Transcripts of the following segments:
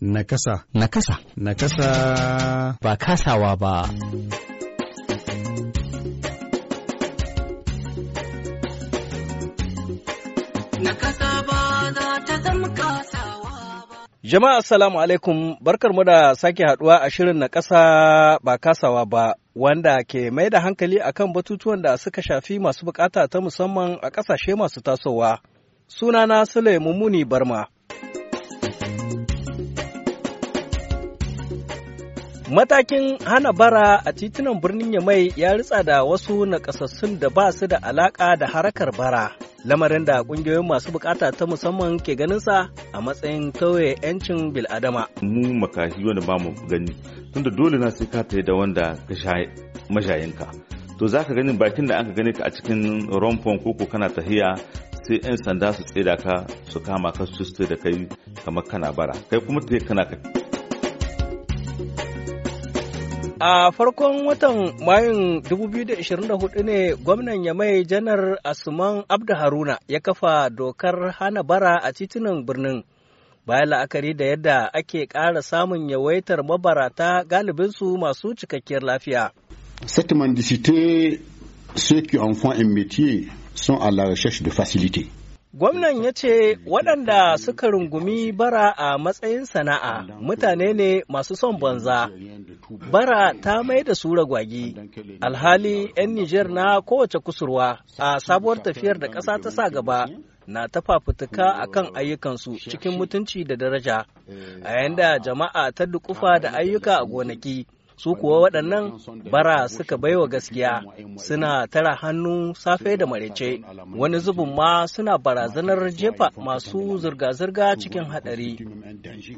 Nakasa. Nakasa. Nakasa. Ba kasawa ba. kasa ba za ta zama kasawa ba. Jama'a assalamu alaikum barkarmu da sake haduwa a shirin na ƙasa ba kasawa ba wanda ke mai da hankali akan batutuwan da suka shafi masu bukata ta musamman a ƙasashe masu tasowa. Sunana Sule muni Barma. Matakin hana bara a titunan birnin Yamai ya ritsa da wasu nakasassun da ba su da alaka da harakar bara. Lamarin da kungiyoyin masu bukata ta musamman ke ganinsa a matsayin tauye 'yancin bil'adama. Mu makashi wanda ba mu gani, tunda dole na sai ka da wanda ka sha mashayinka. To za ka ganin bakin da aka gani ka a cikin rompon koko kana tahiya sai 'yan sanda su tsira ka su kama ka su da kai kamar kana bara. Kai kuma te kana kai. A farkon watan Mayun 2024 ne gwamnan Yamai Janar Asuman Abdu Haruna ya kafa dokar hana bara a titunan birnin. Bayan la'akari da yadda ake ƙara samun yawaitar mabarata galibinsu masu cikakkiyar lafiya. de cité ceux qui ont font un métier sont à la recherche de facilité. Gwamnan ya ce waɗanda suka rungumi bara a matsayin sana'a mutane ne masu son banza. Bara ta mai da su ragwagi. Alhali 'yan Nijar na kowace kusurwa a sabuwar tafiyar da ƙasa ta sa gaba. na ta fafutuka a kan ayyukansu cikin mutunci da daraja a yanda jama'a ta dukufa da ayyuka a gonaki su kuwa waɗannan bara suka baiwa gaskiya suna tara hannu safe da marece wani zubin ma suna barazanar jefa masu zirga-zirga cikin haɗari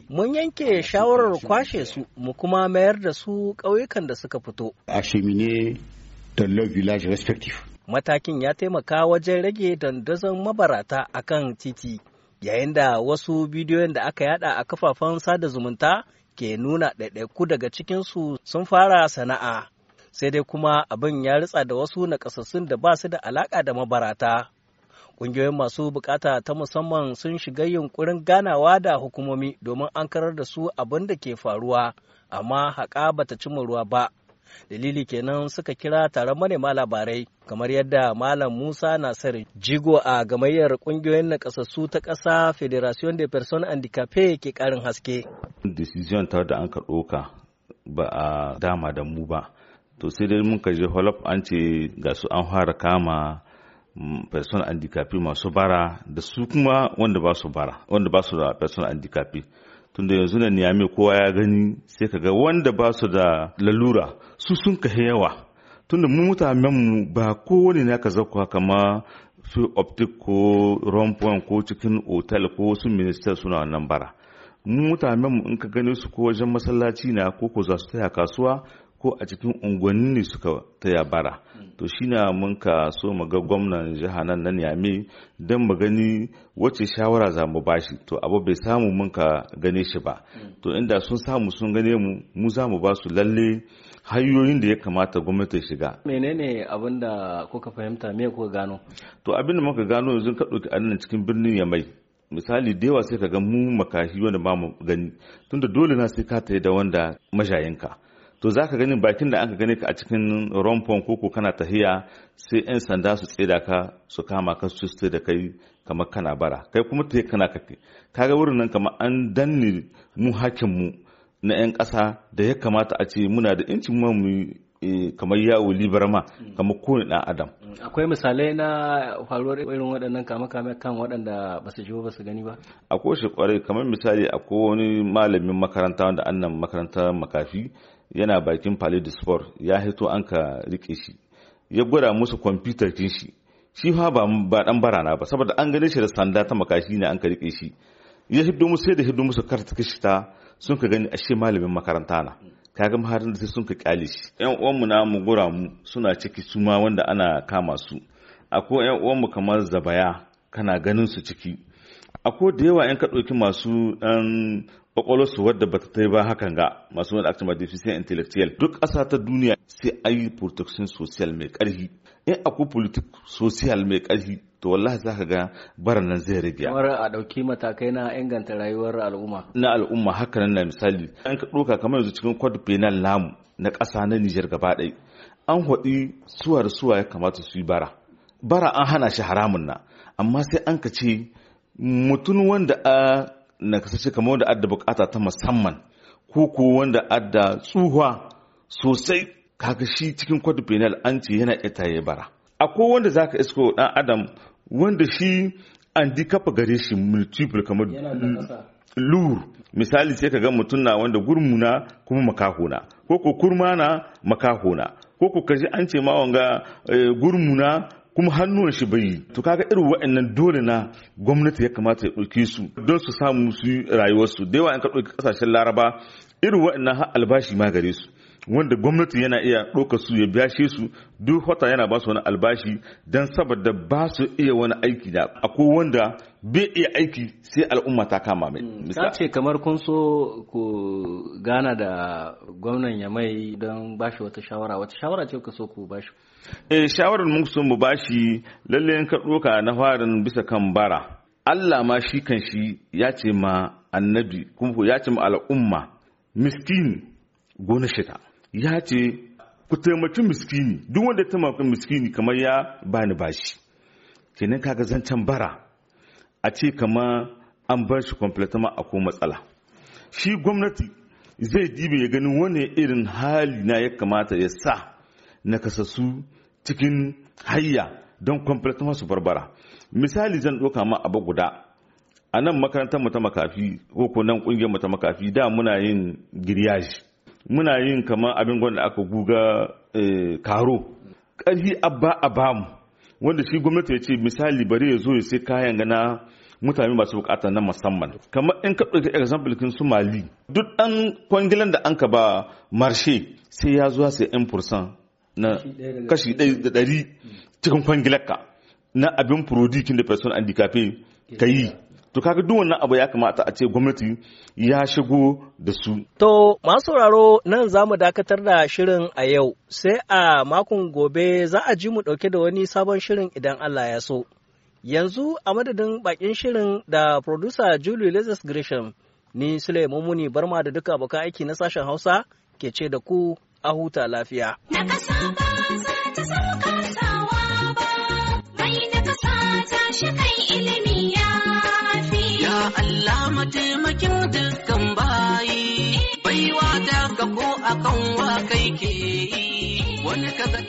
mun yanke shawarar kwashe su mu kuma mayar da su ƙauyukan da suka fito matakin ya taimaka wajen rage dandazon mabarata akan titi yayin da wasu bidiyoyin da aka yada a kafafen sada zumunta ke nuna ɗaiɗaiku daga cikinsu sun fara sana'a. Sai dai kuma abin ya ritsa da wasu ƙasassun da ba su da alaƙa da mabarata. Ƙungiyoyin masu bukata ta musamman sun shiga yunƙurin ganawa da hukumomi domin an karar da su abin da ke faruwa, amma haƙa bata cimma ruwa ba. dalili kenan suka kira taron manema labarai kamar yadda malam musa nasir jigo a gamayyar ƙungiyoyin ƙasassu ta ƙasa federation de personnes handicapées ke ƙarin haske decision ta da an ka ɗoka ba a dama da mu ba to sai dai muka je holop an ce ga su an fara kama mm, person handicap masu bara da su kuma wanda ba su bara wanda ba su da person handicap tunda yanzu na mai kowa ya gani sai ka ga wanda ba su da lalura su sun ka yawa tunda mu mutanen mu ba kowane ne aka zakwa kama fi optic ko rompon ko cikin otal ko wasu minister suna wannan bara mu mutanen mu in ka gane su ko wajen masallaci na ko ko za su taya kasuwa ko a cikin unguwanni ne suka taya bara to shi na mun ka so mu ga gwamnan jiha nan na Niamey don mu gani wace shawara za mu bashi to abu bai samu mun ka gane shi ba to inda sun samu sun gane mu mu za mu ba su lalle hanyoyin da ya kamata gwamnati shiga. Menene abin da kuka fahimta me kuka gano? To abin da muka gano yanzu ka ɗauki annan cikin birnin Yamai misali da yawa sai ka ga mu makashi wanda ba mu gani tunda dole na sai ka tayi da wanda mashayinka to za ka gani bakin da aka gani ka a cikin rompon koko kana tahiya sai 'yan sanda su tseda ka su kama ka su da kai kamar kana bara kai kuma ta kana kake ga wurin nan kamar an danne mu hakin mu na 'yan ƙasa da ya kamata a ce muna da 'yancin mu Eh, kamar yawo libarma mm. kamar kowane ɗan adam mm. akwai misalai na faruwar irin waɗannan kame kame kan waɗanda ba su ba su gani ba akwai shi kwarai kamar misali akwai wani malamin makaranta wanda annan makarantar makafi yana bakin palais de sport ya hito an ka rike shi ya gwada musu kwamfutar kin shi shi fa ba dan barana ba saboda an gane shi da sanda ta makashi ne an ka rike shi ya hiddo musu sai da hiddo musu karta kashi ta sun ka gani ashe malamin makaranta na mm. kaga maharin da sai sun ka kyale shi yan uwanmu na mu gura mu suna ciki su ma wanda ana kama su akwai yan uwanmu kamar zabaya kana ganin su ciki akwai da yawa yan ka ɗauki masu ɗan um, su wadda bata ta yi ba hakan ga masu wani akcin deficient intellectual duk ƙasa ta duniya sai an yi protection social mai ƙarfi in akwai politik social mai ƙarfi to wallahi za ka ga bara nan zai rabiya. Kamar a ɗauki matakai na inganta rayuwar al'umma. Na al'umma haka nan na misali an ka ɗauka kamar yanzu cikin kwad penal namu na ƙasa na Nijar gaba ɗaya an haɗi suwa da suwa ya kamata su yi bara. Bara an hana shi haramun na amma sai an ka ce mutum wanda a na kasance kamar wanda adda bukata ta musamman ko ko wanda adda tsuhuwa sosai kaga shi cikin kwadu penal an ce yana ita ya bara akwai wanda zaka isko dan adam wanda shi an di kafa gare shi multiple kamar lur misali sai ka ga mutum na wanda gurmuna kuma makahona ko ko kurma na makahona ko ko kaji an ce ma wanga eh, gurmuna kuma hannuwan shi bai yi. to kaga irin wa'annan dole na gwamnati ya kamata ya ɗauke su don su samu su rayuwarsu da yawa in ka ɗauki ƙasashen laraba irin wa'annan har albashi ma gare su wanda gwamnati yana iya ɗauka su ya bashe su duk wata yana ba su wani albashi don saboda ba su iya wani aiki da akwai wanda bai iya aiki sai al'umma ta kama mai. Hmm, ka ce kamar kun so ku gana da gwamnan ya mai don bashi wata shawara wata shawara ce ka so ku bashi. Eh shawarar mun so mu bashi lalle ka ɗauka na farin bisa kan bara. Allah ma shi kan shi ya ce ma annabi kuma ya ce ma al'umma miskin gona shida. ya ce ku taimaki miskini duk wanda ya taimaki miskini kamar ya bani bashi kenan kaga zancen bara a ce kamar an bar shi kwamfletama a ko matsala shi gwamnati zai dibe ya ganin wani irin hali na ya kamata ya sa na kasassu cikin hayya don kwamfletama su barbara misali zan ɗauka ma abu guda a nan makarantar mu ta makafi ko ko nan ƙungiyar mu ta makafi da muna yin giriyaji muna yin kamar abin gwanda aka guga eh, karo ƙarfi abba a bamu wanda shi gwamnati ya ce misali bari ya zo ya sai kayan gana mutane masu bukata na musamman kamar in ka ɗauki example kin su mali duk ɗan kwangilan da an ka ba marshe sai ya zuwa sai 1% na kashi ɗari cikin kwangilarka na abin prodi kin da person handicapé ka yi to kaga duk wannan abu ya kamata a ce gwamnati ya shigo da su to masu sauraro nan za mu dakatar da shirin a yau sai a makon gobe za a ji mu ɗauke da wani sabon shirin idan Allah ya so yanzu a madadin bakin shirin da producer Julie Lazarus Grisham ni Suleiman Muni barma da duka abokan aiki na sashen Hausa ke ce da ku a huta lafiya. Na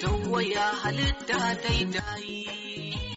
ta goya halitta ta yi ta yi